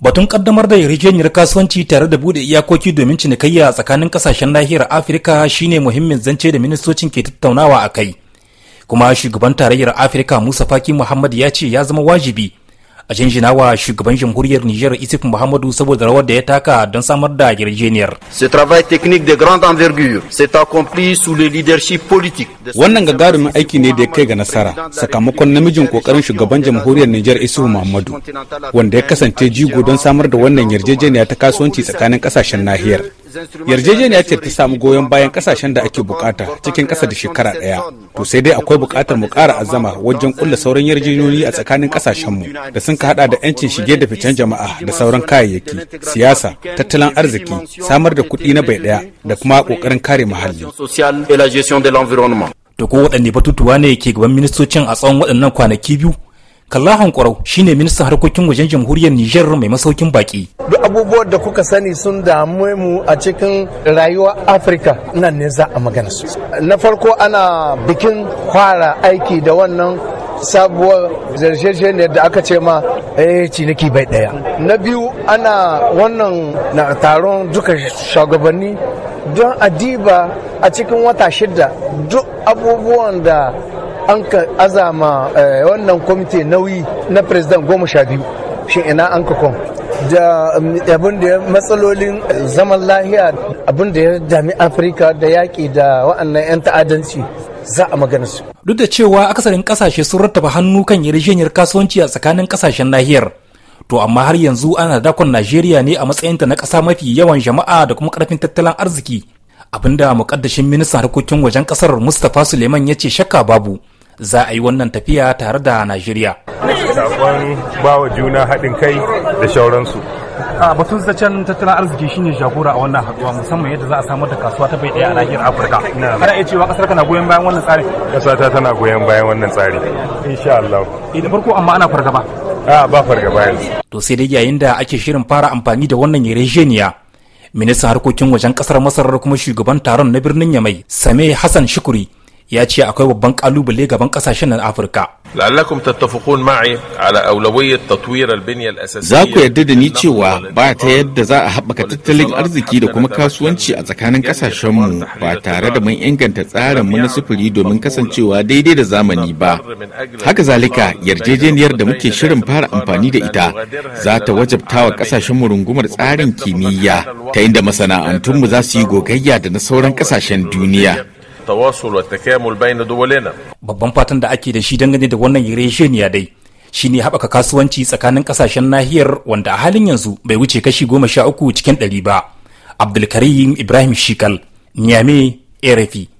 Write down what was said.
Batun kaddamar da yarjejeniyar kasuwanci tare da bude iyakoki domin cinikayya tsakanin kasashen nahiyar Afirka shine muhimmin zance da ministocin ke tattaunawa a kai. Kuma shugaban tarayyar Afirka Musa Faki Muhammad ya ce ya zama wajibi a jinjina wa shugaban jamhuriyar Nijar Isif Muhammadu saboda rawar da ya taka don samar da yarjejeniyar. Ce travail technique de grande envergure s'est accompli sous le leadership politique. Wannan gagarumin aiki ne da ya kai ga nasara sakamakon namijin kokarin shugaban jamhuriyar Nijar Isif Muhammadu wanda ya kasance jigo don samar da wannan yarjejeniya ta kasuwanci tsakanin kasashen nahiyar. yarjejeniya ce ta samu goyon bayan kasashen da ake bukata cikin kasa da shekara daya to sai dai akwai bukatar mu kara azama wajen kulla sauran yarjejeniyoyi a tsakanin kasashen mu da sun ka hada da yancin shige da ficen jama'a da sauran kayayyaki siyasa tattalin arziki samar da kuɗi na bai daya da kuma kokarin kare muhalli to ko waɗanne batutuwa ne ke gaban ministocin a tsawon waɗannan kwanaki biyu Kallahan Kwarau shine ministan harkokin wajen jamhuriyar Nijar mai masaukin baki. Duk abubuwan da kuka sani sun damu mu a cikin rayuwar Afirka nan ne za a magana su. Na farko ana bikin fara aiki da wannan sabuwar zarjejeniyar da aka ce ma eh ciniki bai daya. Na biyu ana wannan na taron duka shugabanni don adiba a cikin wata shida duk abubuwan da an ka azama eh, wannan kwamiti nauyi na president goma sha biyu shi ina an ka kwan da um, abin da ya matsalolin zaman lahiya abin da ya dami afirka da yaƙi da wa'annan 'yan ta'adanci za a magana su duk da cewa akasarin kasashe sun rattaba hannu kan yarjejeniyar kasuwanci a tsakanin kasashen nahiyar to amma har yanzu ana dakon najeriya ne a matsayinta na ƙasa mafi yawan jama'a da kuma karfin tattalin arziki abinda mukaddashin ministan harkokin wajen ƙasar mustapha suleiman ya ce shakka babu za a yi wannan tafiya tare da najeriya sakon bawa juna haɗin kai da shauransu a batun zaccen tattalin arziki shine jagora a wannan haduwa musamman yadda za a samar da kasuwa ta bai daya a nahiyar afirka ana iya cewa kasar na goyon bayan wannan tsari kasa ta tana goyon bayan wannan tsari insha Allah idan eh, farko amma ana fargaba a ba fargaba yanzu to sai dai yayin da ake shirin fara amfani da wannan yarjejeniya ministan harkokin wajen kasar masar kuma shugaban taron na birnin yamai same hassan shukuri ya ce akwai babban kalubale gaban kasashen nan Afirka. Za ku yarda da ni cewa ba ta yadda za a haɓaka tattalin arziki da kuma kasuwanci a tsakanin kasashenmu ba tare da mun inganta tsarin mu na sufuri domin kasancewa daidai da zamani ba. Haka zalika yarjejeniyar da muke shirin fara amfani da ita za ta wajabta wa kasashenmu rungumar tsarin kimiyya ta inda masana'antunmu za su yi gogayya da na sauran kasashen duniya. التواصل والتكامل بين دولنا babban fatan da ake da shi dangane da wannan yarjejeniya dai shine haɓaka kasuwanci tsakanin ƙasashen nahiyar wanda a halin yanzu bai wuce kashi goma sha uku cikin ɗari ba abdulkarim ibrahim shikal niyame erefi